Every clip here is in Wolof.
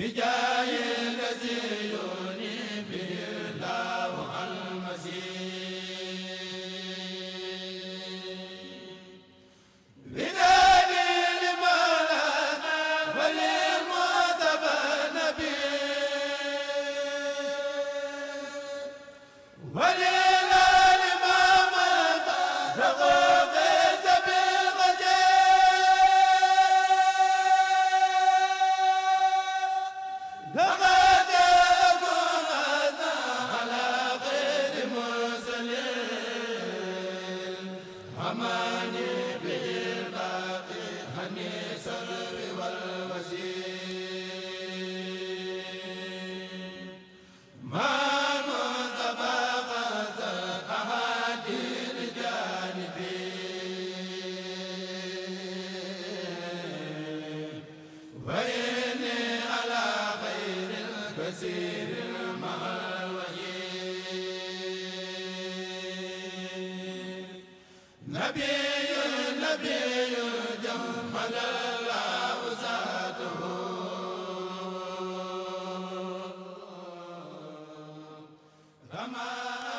bi jaay kama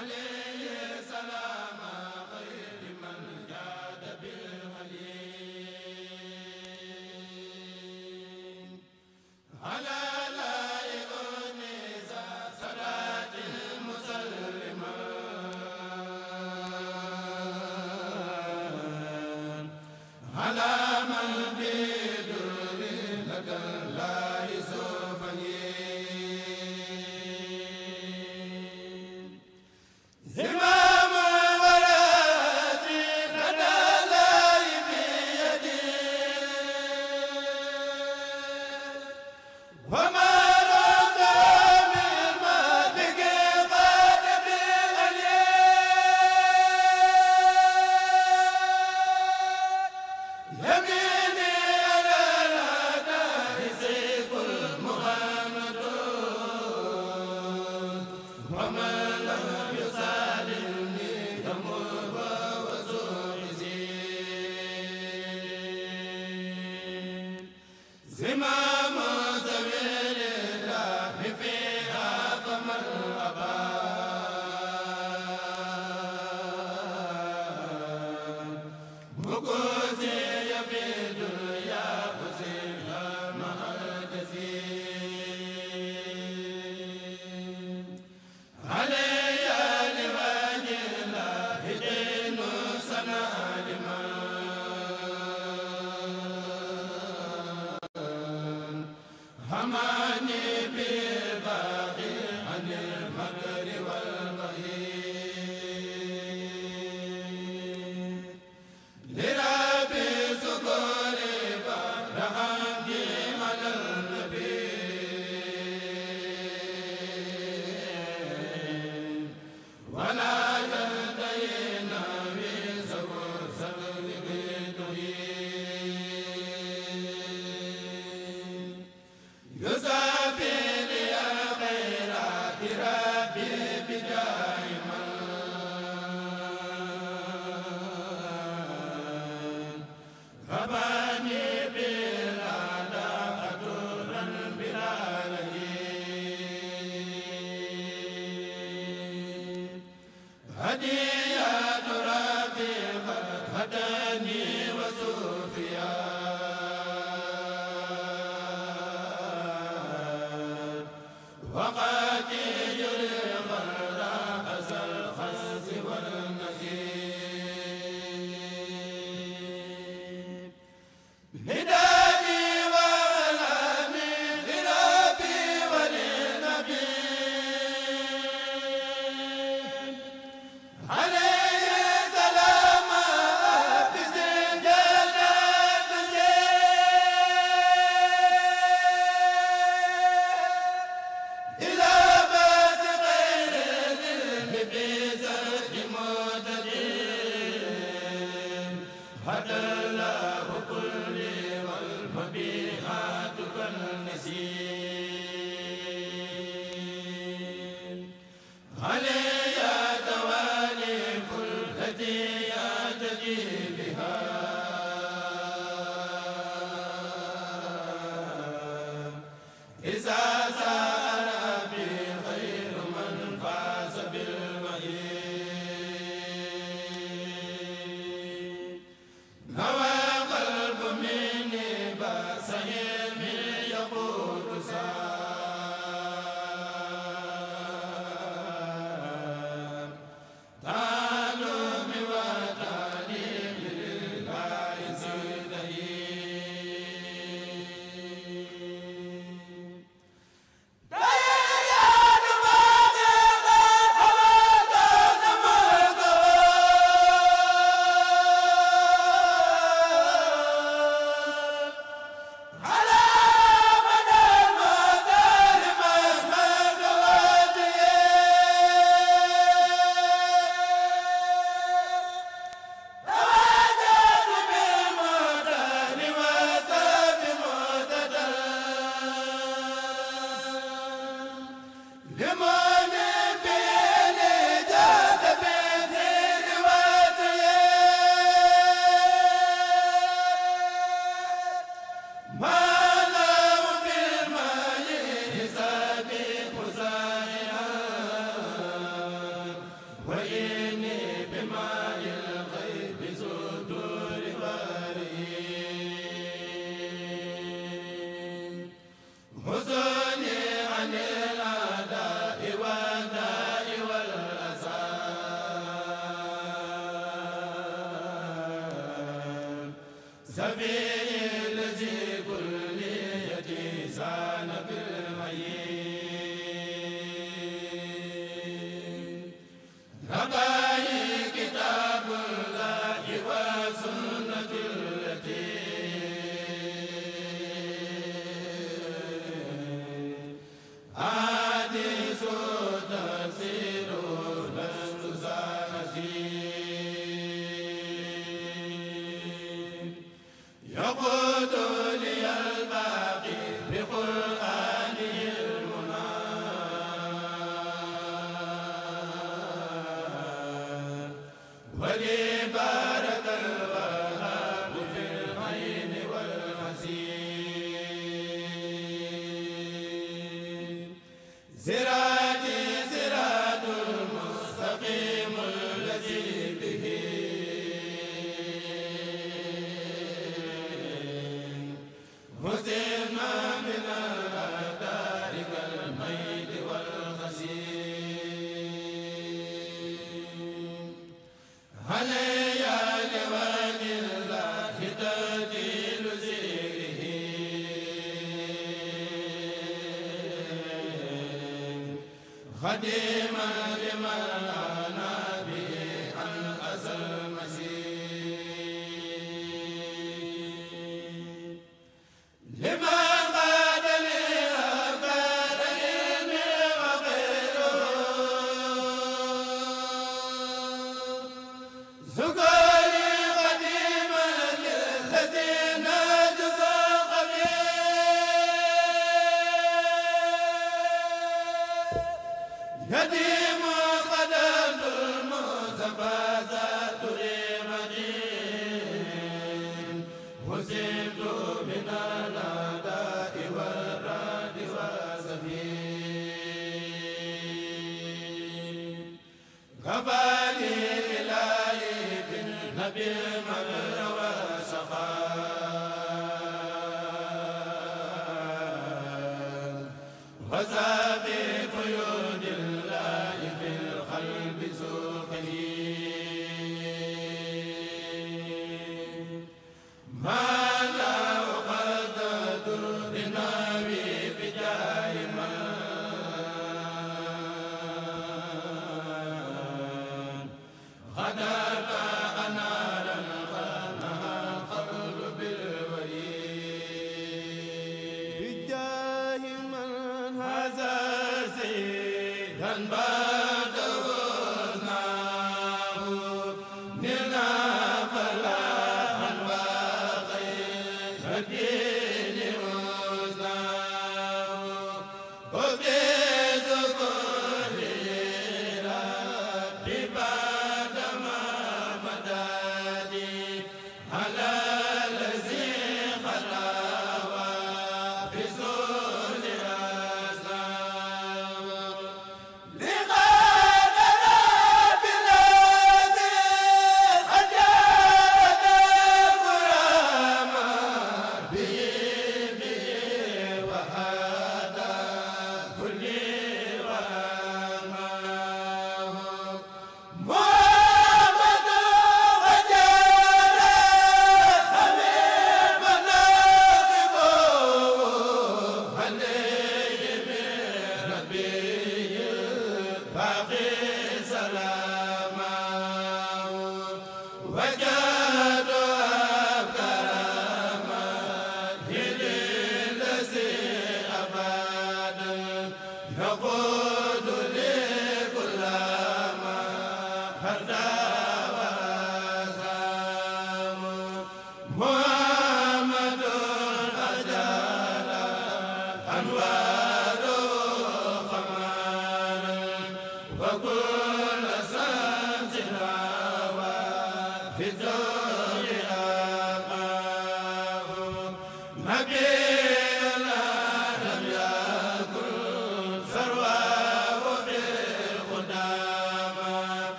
ale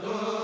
do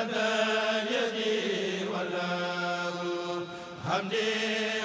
هدى يدي والله حمدي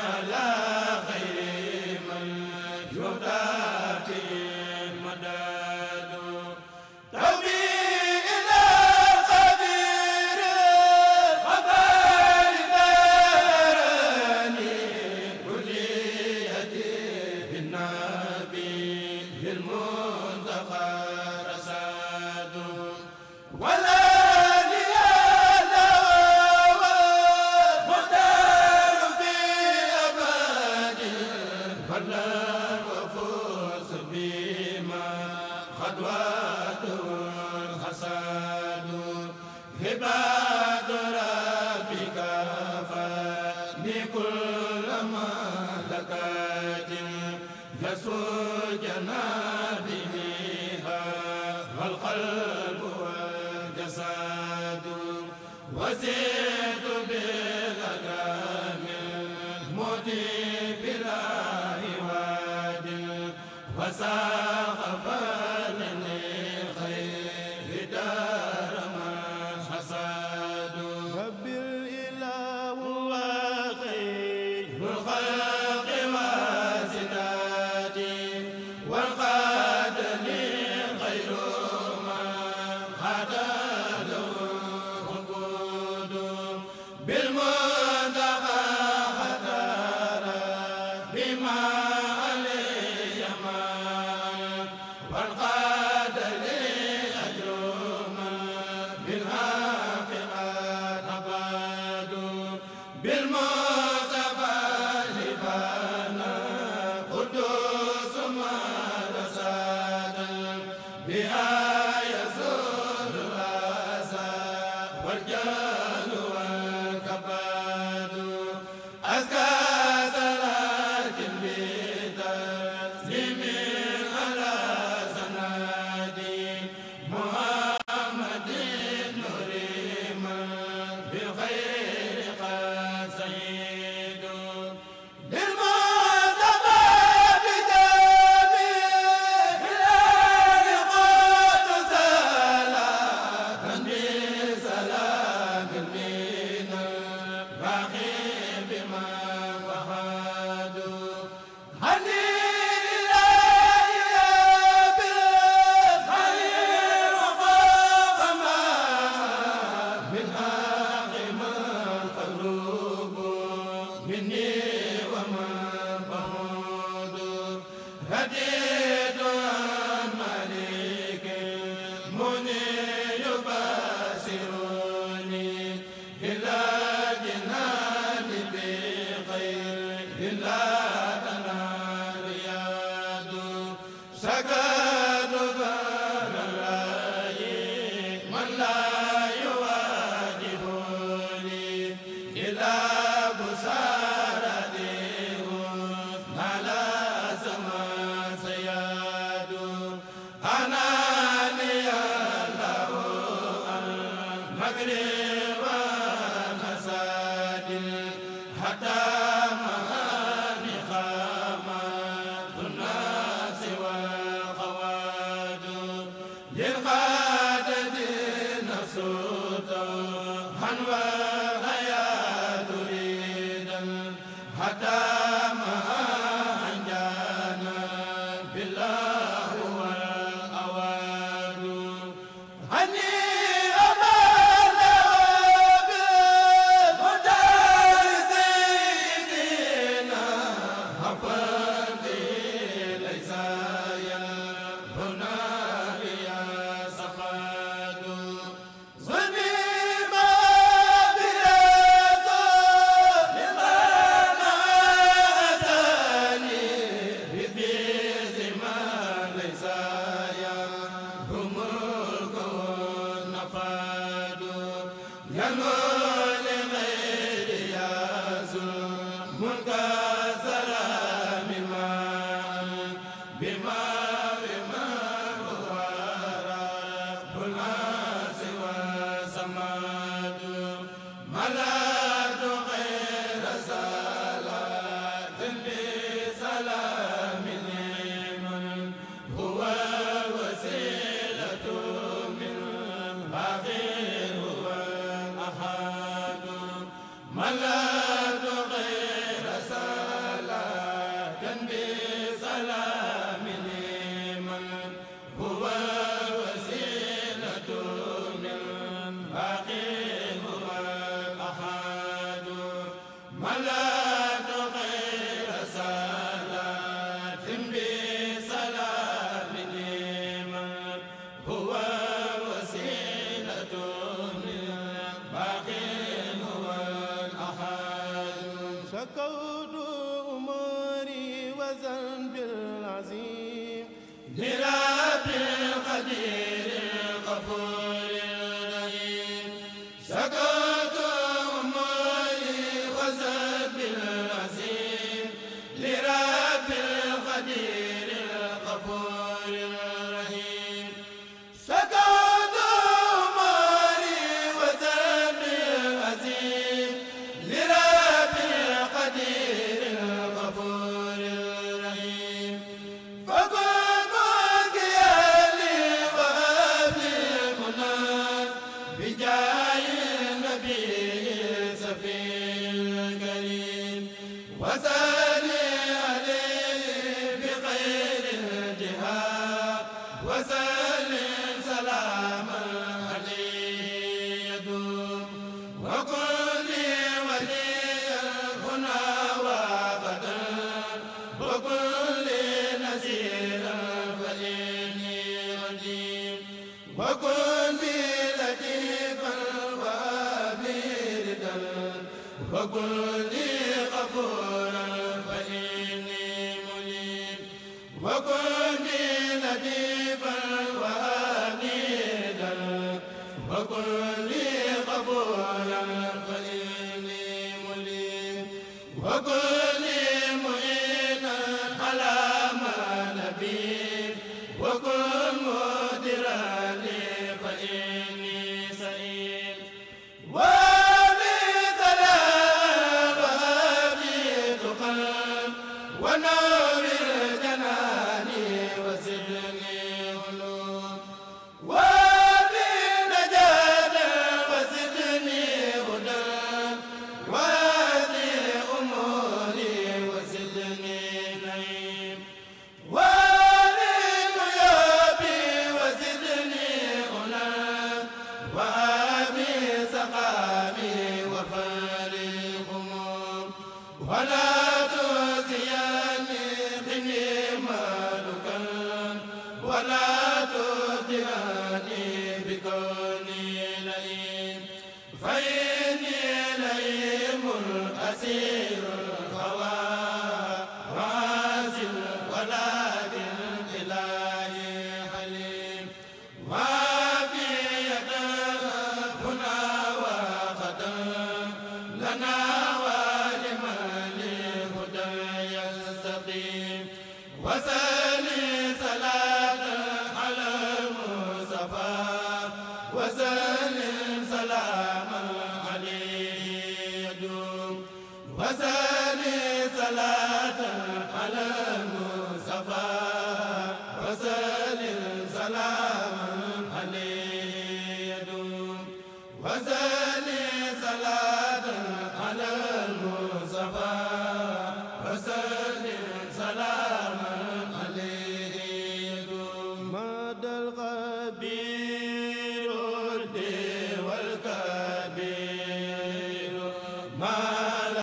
wala